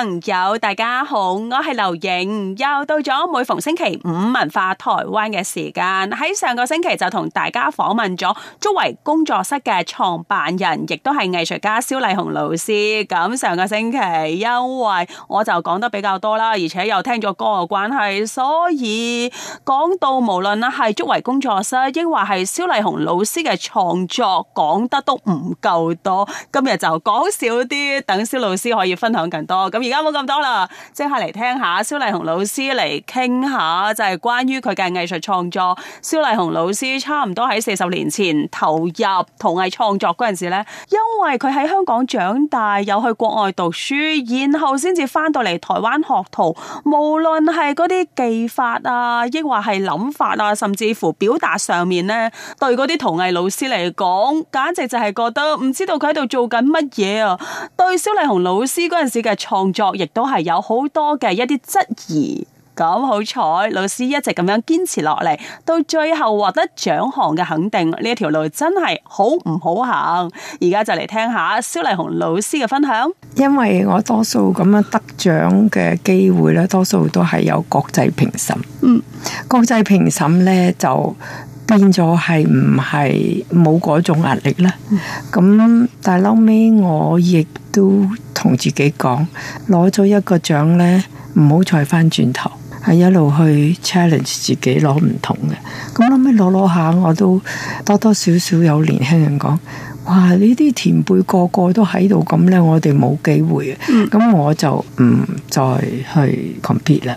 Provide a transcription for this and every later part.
朋友，大家好，我係劉瑩，又到咗每逢星期五文化台灣嘅時間。喺上個星期就同大家訪問咗竹圍工作室嘅創辦人，亦都係藝術家蕭麗虹老師。咁上個星期因為我就講得比較多啦，而且又聽咗歌嘅關係，所以講到無論啦係竹圍工作室，抑或係蕭麗虹老師嘅創作，講得都唔夠多。今日就講少啲，等蕭老師可以分享更多。咁而家。冇咁多啦，即刻嚟聽下蕭麗虹老師嚟傾下，就係關於佢嘅藝術創作。蕭麗虹老師差唔多喺四十年前投入陶藝創作陣時咧，因為佢喺香港長大，有去國外讀書，然後先至翻到嚟台灣學徒，無論係啲技法啊，亦或係諗法啊，甚至乎表達上面咧，對啲陶藝老師嚟講，簡直就係覺得唔知道佢喺度做緊乜嘢啊！對蕭麗虹老師陣時嘅創作亦都係有好多嘅一啲質疑，咁好彩老師一直咁樣堅持落嚟，到最後獲得獎項嘅肯定。呢一條路真係好唔好行，而家就嚟聽下蕭麗虹老師嘅分享。因為我多數咁樣得獎嘅機會咧，多數都係有國際評審。嗯，國際評審咧就。變咗係唔係冇嗰種壓力呢？咁但係後屘我亦都同自己講，攞咗一個獎呢，唔好再返轉頭，係一路去 challenge 自己攞唔同嘅。咁後屘攞攞下，我都多多少少有年輕人講。哇！呢啲前輩個個都喺度咁，呢我哋冇機會嘅，咁、嗯、我就唔再去 compete 啦。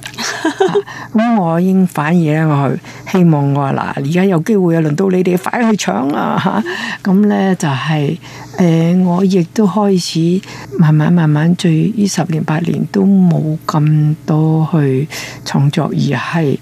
咁、 啊、我應反而咧，我希望我話嗱，而家有機會啊，輪到你哋快去搶啊嚇！咁、啊、咧、嗯嗯、就係、是、誒、呃，我亦都開始慢慢慢慢，最呢十年八年都冇咁多去創作，而係。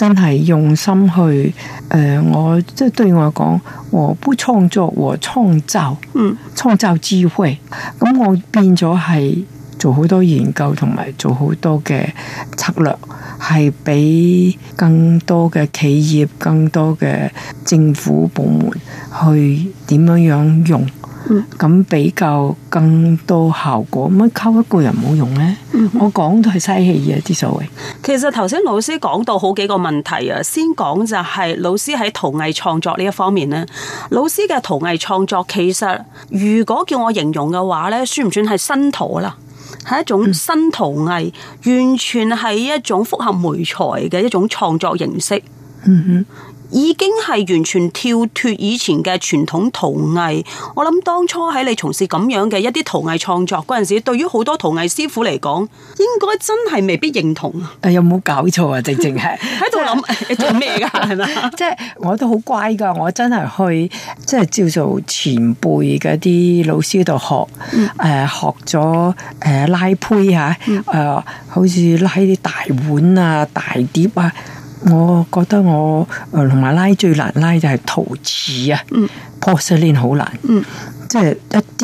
真係用心去誒、呃，我即係對我嚟講，我不創作和創造，嗯，創造智慧。咁我變咗係做好多研究，同埋做好多嘅策略，係俾更多嘅企業、更多嘅政府部門去點樣樣用。咁、嗯、比較更多效果，咁溝一個人冇用呢？嗯、我講都係嘥氣啊，啲所謂。其實頭先老師講到好幾個問題啊，先講就係老師喺陶藝創作呢一方面呢。老師嘅陶藝創作其實如果叫我形容嘅話呢，算唔算係新陶啦？係一種新陶藝，嗯、完全係一種複合媒材嘅一種創作形式。嗯哼。已經係完全跳脱以前嘅傳統陶藝。我諗當初喺你從事咁樣嘅一啲陶藝創作嗰陣時，對於好多陶藝師傅嚟講，應該真係未必認同。誒、啊、有冇搞錯啊？正正係喺度諗你做咩㗎？係嘛 即係我都好乖㗎。我真係去即係照做前輩嗰啲老師度學誒、嗯呃、學咗誒、呃、拉坯啊，誒、嗯啊，好似拉啲大碗啊、大碟啊。我覺得我誒，同埋拉最難拉就係陶瓷啊，porcelain 好難，嗯，嗯、即係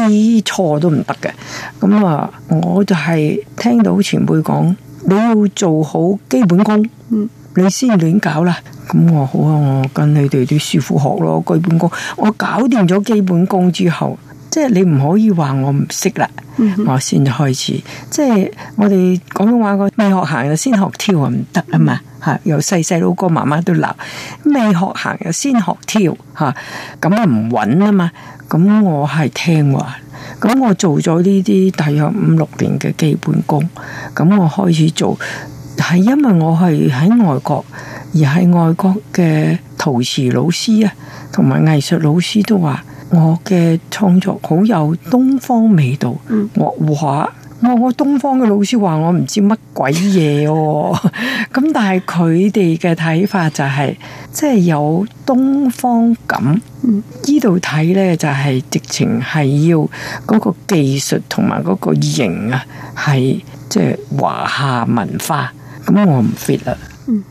一啲錯都唔得嘅。咁啊，我就係聽到前輩講，你要做好基本功，嗯、你先亂搞啦。咁我好啊，我跟你哋啲師傅學咯，基本功。我搞掂咗基本功之後。即係你唔可以話我唔識啦，嗯、哼我先開始。即係我哋廣東話個未學行就先學跳啊，唔得啊嘛吓！有細細佬哥媽媽都鬧，未學行又先學跳吓，咁啊唔穩啊嘛。咁我係聽話，咁我做咗呢啲大約五六年嘅基本功，咁我開始做係因為我係喺外國，而喺外國嘅陶瓷老師啊，同埋藝術老師都話。我嘅創作好有東方味道，嗯、我話我我東方嘅老師話我唔知乜鬼嘢哦，咁 但係佢哋嘅睇法就係即係有東方感，呢度睇呢，就係、係、直情係要嗰個技術同埋嗰個形啊，係即係華夏文化，咁我唔 fit 啦。嗯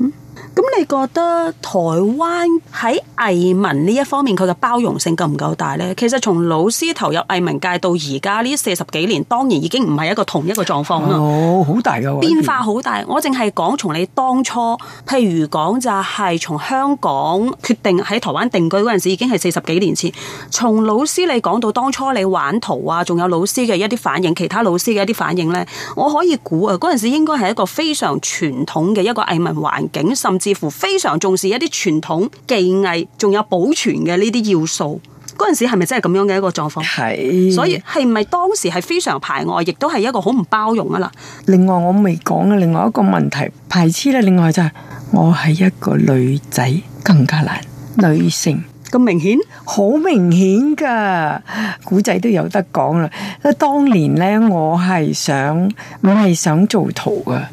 咁你覺得台灣喺藝文呢一方面佢嘅包容性夠唔夠大咧？其實從老師投入藝文界到而家呢四十幾年，當然已經唔係一個同一個狀況啦。哦，好大嘅變化，好大。我淨係講，從你當初，譬如講就係從香港決定喺台灣定居陣時已經係四十幾年前。從老師你講到當初你玩陶啊，仲有老師嘅一啲反應，其他老師嘅一啲反應咧，我可以估啊陣時應該係一個非常傳統嘅一個藝文環境，甚至。似乎非常重視一啲傳統技藝，仲有保存嘅呢啲要素。嗰陣時係咪真係咁樣嘅一個狀況？係是，所以係唔係當時係非常排外，亦都係一個好唔包容啊？啦，另外我未講嘅另外一個問題，排斥咧，另外就係、是、我係一個女仔，更加難女性。咁明顯，好明顯噶，古仔都有得講啦。啊，當年咧，我係想唔係想做圖噶。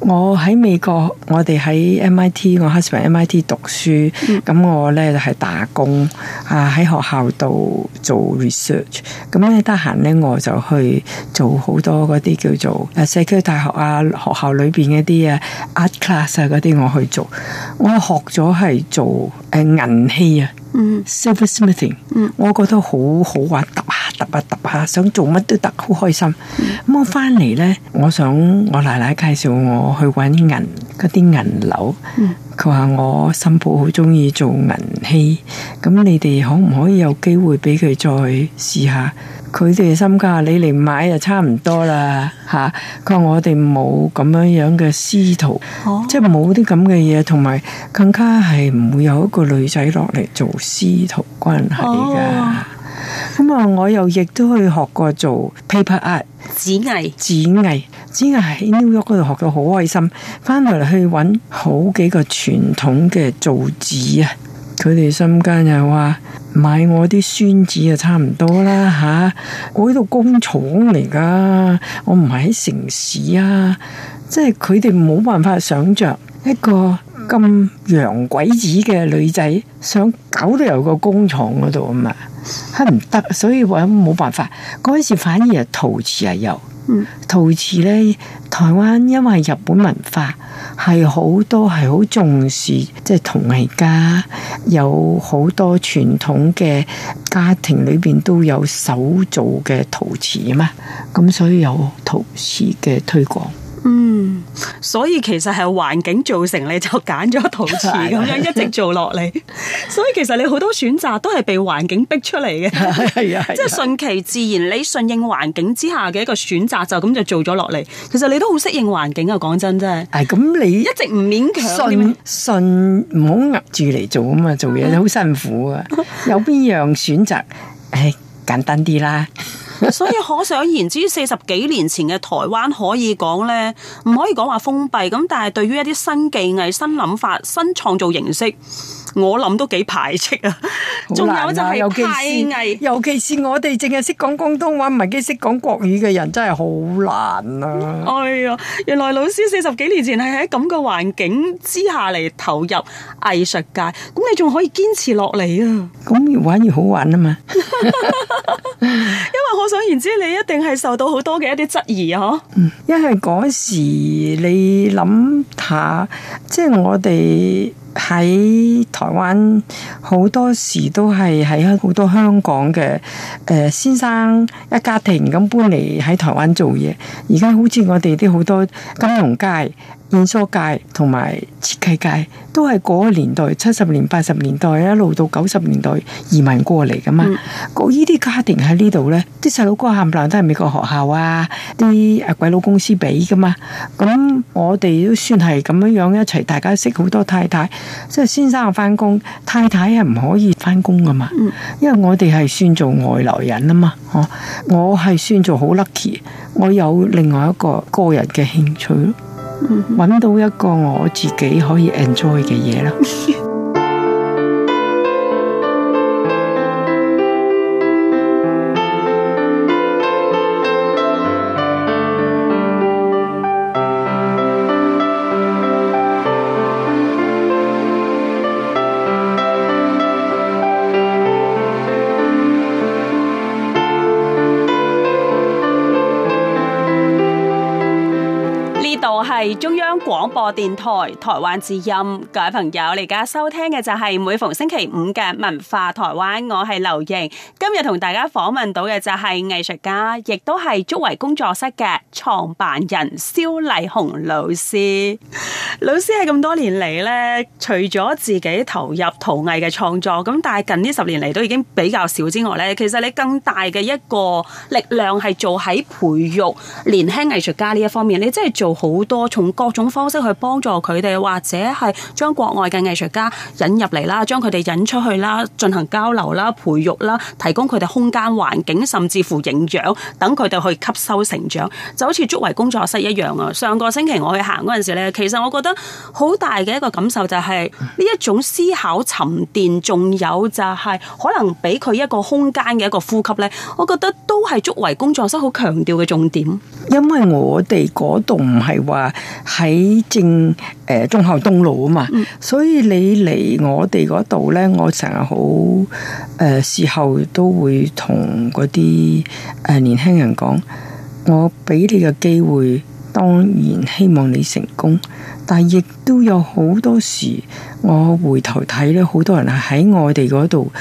我喺美國，我哋喺 MIT，我 husbandMIT 讀書。咁我咧就係打工啊，喺學校度做 research。咁咧得閒咧，我就去做好多嗰啲叫做誒社區大學啊，學校裏邊嘅啲啊 art class 啊嗰啲我去做。我學咗係做誒銀器啊。嗯 silver smithing，我覺得好好玩，揼下揼下揼下，想做乜都得，好開心。咁 我翻嚟咧，我想我奶奶介紹我去揾銀啲銀樓，佢話 我新抱好中意做銀器，咁你哋可唔可以有機會俾佢再試下？佢哋心家你嚟買就差唔多啦，吓、啊！佢話我哋冇咁樣樣嘅師徒，oh. 即係冇啲咁嘅嘢，同埋更加係唔會有一個女仔落嚟做師徒關係噶。咁、oh. 啊，我又亦都去學過做 paper art，紙藝藝，紙藝，紙藝喺紐約嗰度學到好開心，翻嚟去揾好幾個傳統嘅造紙啊！佢哋心間又話。買我啲孫子就啊，差唔多啦嚇！我喺度工廠嚟噶，我唔係喺城市啊，即係佢哋冇辦法想象一個咁洋鬼子嘅女仔想搞到有個工廠嗰度啊嘛，係唔得，所以話冇辦法。嗰陣時反而係陶瓷係有，陶瓷咧台灣因為係日本文化。係好多係好重視，即係同而家有好多傳統嘅家庭裏邊都有手做嘅陶瓷吖嘛，咁所以有陶瓷嘅推廣。嗯，所以其實係環境造成，你就揀咗陶瓷咁樣 一直做落嚟。所以其實你好多選擇都係被環境逼出嚟嘅。係啊，即係順其自然，你順應環境之下嘅一個選擇，就咁就做咗落嚟。其實你都好適應環境啊，講真真係。係咁、哎、你一直唔勉強，信唔好壓住嚟做啊嘛，做嘢好辛苦啊。 有邊樣選擇係、哎、簡單啲啦？ 所以可想而知，四十幾年前嘅台灣可以講呢，唔可以講話封閉咁，但係對於一啲新技藝、新諗法、新創造形式。我諗都幾排斥啊！仲、啊、有就係派藝，尤其是我哋淨係識講廣東話，唔係幾識講國語嘅人，真係好難啦、啊。哎呀，原來老師四十幾年前係喺咁嘅環境之下嚟投入藝術界，咁你仲可以堅持落嚟啊？咁越玩越好玩啊嘛！ 因為可想而知，你一定係受到好多嘅一啲質疑嗬。嗯、因為嗰時你諗下，即、就、係、是、我哋。喺台灣好多時都係喺好多香港嘅誒、呃、先生一家庭咁搬嚟喺台灣做嘢，而家好似我哋啲好多金融界。演鎖界同埋設計界都係嗰個年代，七十年八十年代一路到九十年代移民過嚟噶嘛。呢啲、嗯、家庭喺呢度呢，啲細佬哥冚唪唥都係美國學校啊，啲誒鬼佬公司俾噶嘛。咁我哋都算係咁樣樣一齊，大家識好多太太，即、就、係、是、先生又翻工，太太係唔可以翻工噶嘛。嗯、因為我哋係算做外來人啊嘛。我我係算做好 lucky，我有另外一個個人嘅興趣咯。揾到一個我自己可以 enjoy 嘅嘢啦。 廣播電台台灣之音，各位朋友，你而家收聽嘅就係每逢星期五嘅文化台灣，我係劉瑩。今日同大家訪問到嘅就係藝術家，亦都係竹圍工作室嘅創辦人蕭麗虹老師。老師喺咁多年嚟咧，除咗自己投入陶藝嘅創作，咁但係近呢十年嚟都已經比較少之外咧，其實你更大嘅一個力量係做喺培育年輕藝術家呢一方面，你真係做好多從各種。方式去幫助佢哋，或者係將國外嘅藝術家引入嚟啦，將佢哋引出去啦，進行交流啦、培育啦、提供佢哋空間、環境，甚至乎營養等佢哋去吸收成長。就好似竹圍工作室一樣啊！上個星期我去行嗰陣時咧，其實我覺得好大嘅一個感受就係、是、呢一種思考沉澱，仲有就係、是、可能俾佢一個空間嘅一個呼吸咧。我覺得都係竹圍工作室好強調嘅重點。因為我哋嗰度唔係話喺。你正誒、呃，忠孝東路啊嘛， 所以你嚟我哋度咧，我成日好誒、呃，事後都會同啲誒年輕人講，我俾你嘅機會，當然希望你成功，但係亦都有好多時我回頭睇咧，好多人係喺我哋度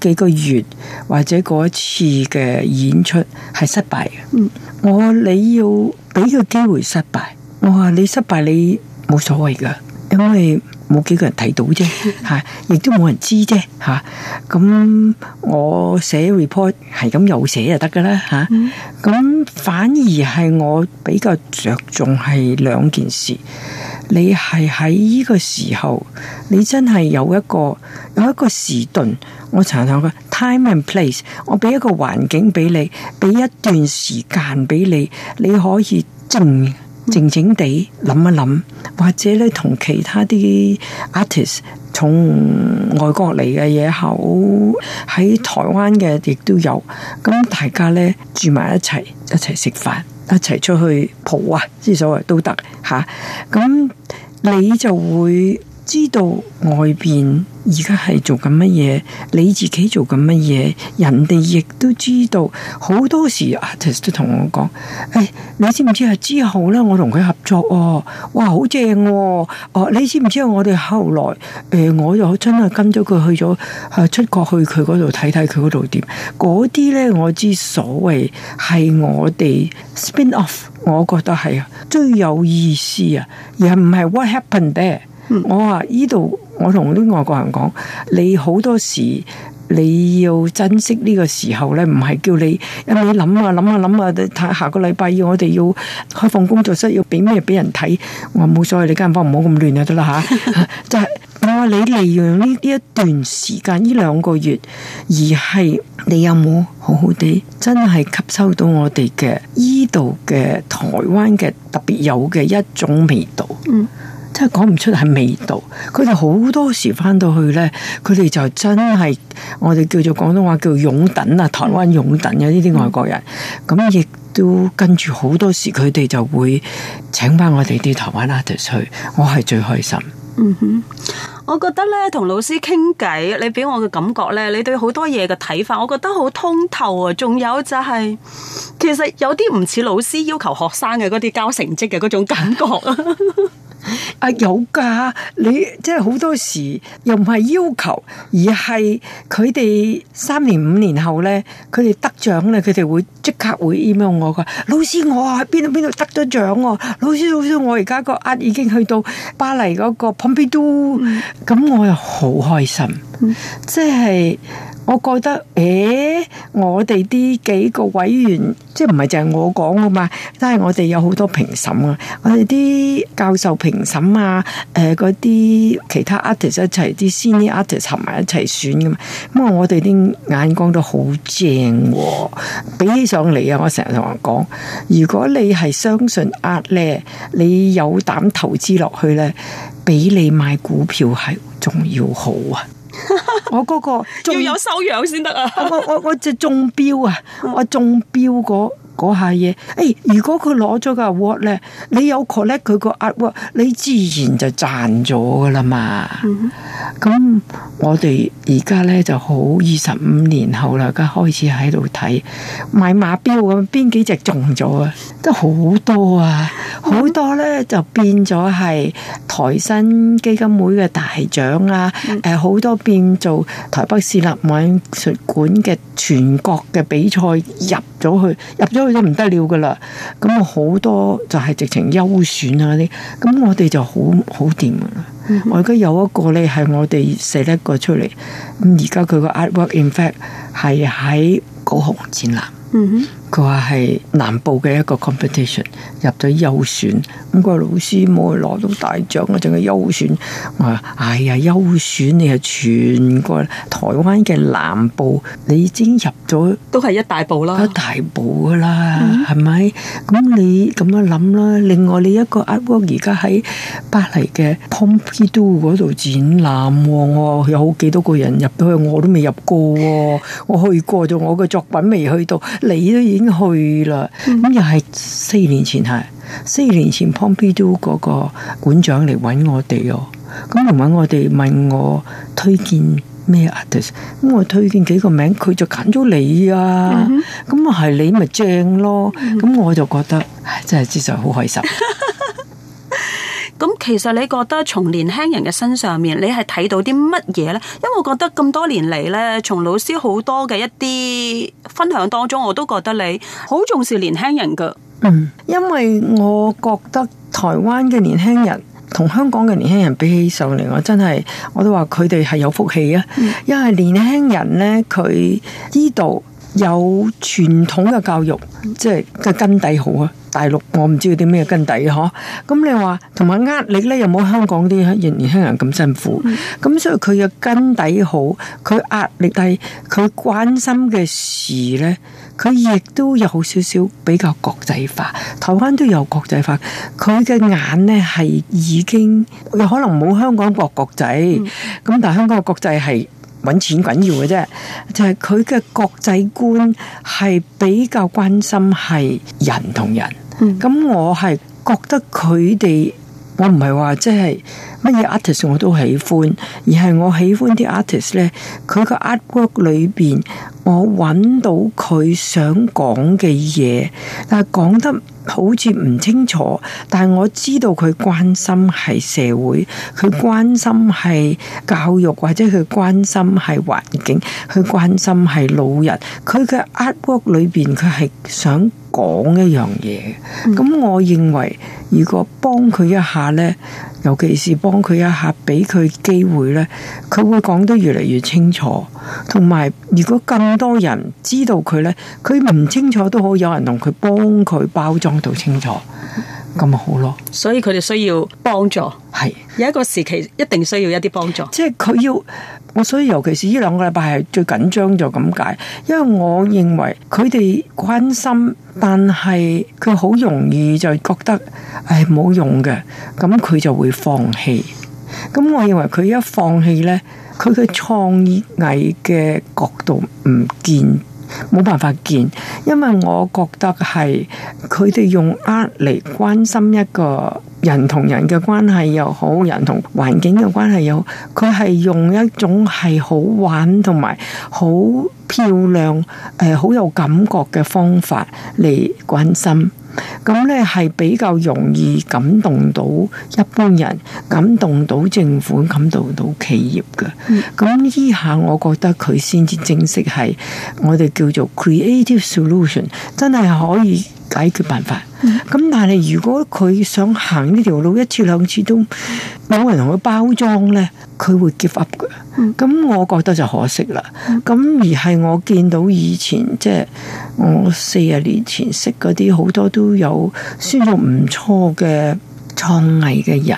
幾個月或者一次嘅演出係失敗嘅。 我你要俾個機會失敗。我話你失敗你冇所謂噶，因為冇幾個人睇到啫，吓亦 都冇人知啫，吓、啊、咁我寫 report 係咁又寫就得噶啦，吓、啊、咁 反而係我比較着重係兩件事，你係喺呢個時候，你真係有一個有一個時段，我查探個 time and place，我俾一個環境俾你，俾一段時間俾你，你可以掙。靜靜地諗一諗，或者咧同其他啲 artist 從外國嚟嘅嘢好喺台灣嘅亦都有，咁大家咧住埋一齊，一齊食飯，一齊出去蒲啊，之所謂都得嚇，咁、啊、你就會。知道外邊而家係做緊乜嘢，你自己做緊乜嘢，人哋亦都知道。好多時 artist 都同我講，誒、哎，你知唔知啊？之後咧，我同佢合作，哦、哇，好正！哦。哦，你知唔知我哋後來誒、呃，我又真係跟咗佢去咗出國去佢嗰度睇睇佢嗰度點。嗰啲呢，我之所謂係我哋 spin off，我覺得係最有意思啊，而唔係 what happened there。我話依度，我同啲外國人講，你好多時你要珍惜呢個時候咧，唔係叫你一味諗啊諗啊諗啊，睇下個禮拜要我哋要開放工作室要俾咩俾人睇。我冇所謂，你間房唔好咁亂、啊、 就得啦嚇。就係我話你利用呢一段時間，呢兩個月，而係 你有冇好好地真係吸收到我哋嘅依度嘅台灣嘅特別有嘅一種味道。 真係講唔出係味道，佢哋好多時翻到去呢，佢哋就真係我哋叫做廣東話叫擁躉啊，台灣擁躉嘅呢啲外國人，咁亦、嗯、都跟住好多時，佢哋就會請翻我哋啲台灣 artist 去，我係最開心。嗯哼。我覺得咧，同老師傾偈，你俾我嘅感覺咧，你對好多嘢嘅睇法，我覺得好通透啊！仲有就係、是，其實有啲唔似老師要求學生嘅嗰啲交成績嘅嗰種感覺啊！ 啊，有㗎，你即係好多時又唔係要求，而係佢哋三年五年後咧，佢哋得獎咧，佢哋會即刻會 email 我㗎。老師，我喺邊度邊度得咗獎喎、啊？老師，老師，我而家個壓已經去到巴黎嗰個 Pompidou。咁我又好開心，即係我覺得，誒、欸，我哋啲幾個委員，即係唔係淨係我講噶嘛，都係我哋有好多評審啊，我哋啲教授評審啊，誒、呃，嗰啲其他 artist 一齊啲先啲 artist 合埋一齊選噶嘛，咁我哋啲眼光都好正喎、啊，比起上嚟，啊，我成日同人講，如果你係相信 artist，你有膽投資落去咧。比你買股票係仲要好啊！我嗰個要有修養先得啊 我！我我我我中標啊！我中標嗰。下嘢，誒、哎，如果佢攞咗個 Award 咧，你有 collect 佢個 Award 你自然就賺咗噶啦嘛。咁、mm hmm. 我哋而家咧就好，二十五年後啦，而家開始喺度睇買馬標咁，邊幾隻中咗啊？都好多啊，好、mm hmm. 多咧就變咗係台新基金會嘅大獎啊，誒、mm，好、hmm. 多變做台北市立美術館嘅全國嘅比賽入。走去入咗去都唔得了噶啦，咁好多就係直情優選啊啲，咁我哋就好好掂啊！Mm hmm. 我而家有一個咧係我哋寫一個出嚟，咁而家佢個 artwork in fact 係喺高雄展覽。嗯哼、mm。Hmm. 佢話係南部嘅一個 competition，入咗優選。咁個老師冇攞到大獎啊，淨係優選。我話，哎呀，優選你係全個台灣嘅南部，你已經入咗，都係一大步啦。一大步噶啦，係咪？咁你咁樣諗啦。另外你一個 artwork 而家喺巴黎嘅 Pompidou 嗰度展覽，我話有好幾多個人入咗去，我都未入過。我去過咗，我嘅作品未去到，你都。已經去啦？咁、嗯、又係四年前係，四年前 Pompidou 嗰個館長嚟搵我哋哦。咁唔搵我哋問我推薦咩 artist，咁、嗯、我推薦幾個名，佢就揀咗你啊。咁啊係你咪正咯。咁、嗯嗯、我就覺得唉真係實在好開心。 咁其實你覺得從年輕人嘅身上面，你係睇到啲乜嘢呢？因為我覺得咁多年嚟呢，從老師好多嘅一啲分享當中，我都覺得你好重視年輕人㗎。嗯，因為我覺得台灣嘅年輕人同香港嘅年輕人比起上嚟，我真係我都話佢哋係有福氣啊。因為年輕人呢，佢知道。有傳統嘅教育，即係個根底好啊！大陸我唔知佢啲咩根底嗬，咁你話同埋壓力咧，又冇香港啲年年輕人咁辛苦，咁、嗯、所以佢嘅根底好，佢壓力低，佢關心嘅事咧，佢亦都有少少比較國際化。台灣都有國際化，佢嘅眼咧係已經有可能冇香港國國，國際，咁、嗯、但係香港嘅國際係。搵錢緊要嘅啫，就係佢嘅國際觀係比較關心係人同人。咁、嗯、我係覺得佢哋，我唔係話即係乜嘢 artist 我都喜歡，而係我喜歡啲 artist 咧，佢個 artwork 裏邊，我揾到佢想講嘅嘢，但係講得。好似唔清楚，但係我知道佢關心係社會，佢關心係教育，或者佢關心係環境，佢關心係老人。佢嘅 art work 裏邊佢係想講一樣嘢，咁我認為如果幫佢一下咧。尤其是幫佢一下，俾佢機會呢，佢會講得越嚟越清楚。同埋，如果咁多人知道佢呢，佢唔清楚都好，有人同佢幫佢包裝到清楚，咁咪好咯。所以佢哋需要幫助，係，有一個時期一定需要一啲幫助，即係佢要。我所以尤其是呢兩個禮拜係最緊張，就咁解，因為我認為佢哋關心，但係佢好容易就覺得唉，冇用嘅，咁佢就會放棄。咁我認為佢一放棄咧，佢嘅創意藝嘅角度唔見，冇辦法見，因為我覺得係。佢哋用 art 嚟關心一個人同人嘅關係又好，人同環境嘅關係又好，佢係用一種係好玩同埋好漂亮、誒、呃、好有感覺嘅方法嚟關心。咁咧係比較容易感動到一般人，感動到政府，感動到企業嘅。咁呢下我覺得佢先至正式係我哋叫做 creative solution，真係可以。解決辦法。咁但係如果佢想行呢條路，一次兩次都冇人同佢包裝呢，佢會 give up 嘅。咁我覺得就可惜啦。咁而係我見到以前即係我四十年前識嗰啲，好多都有輸入唔錯嘅。創意嘅人，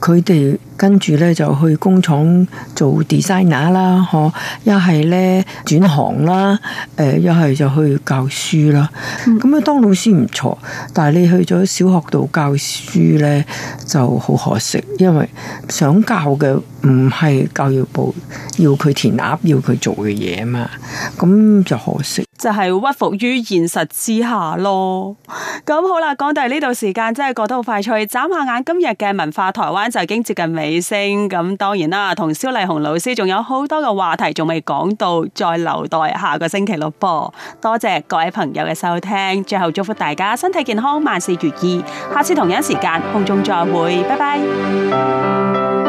佢哋跟住咧，就去工廠做 designer 啦，嗬，一係咧轉行啦，誒、呃，一係就去教書啦。咁啊、嗯，當老師唔錯，但係你去咗小學度教書呢就好可惜，因為想教嘅唔係教育部要佢填鴨要佢做嘅嘢嘛，咁就可惜。就係屈服於現實之下咯，咁好啦，講到呢度時間真係過得好快脆，眨下眼今日嘅文化台灣就已經接近尾聲，咁當然啦，同蕭麗虹老師仲有好多嘅話題仲未講到，再留待下個星期六播。多謝各位朋友嘅收聽，最後祝福大家身體健康，萬事如意，下次同樣時間空中再會，拜拜。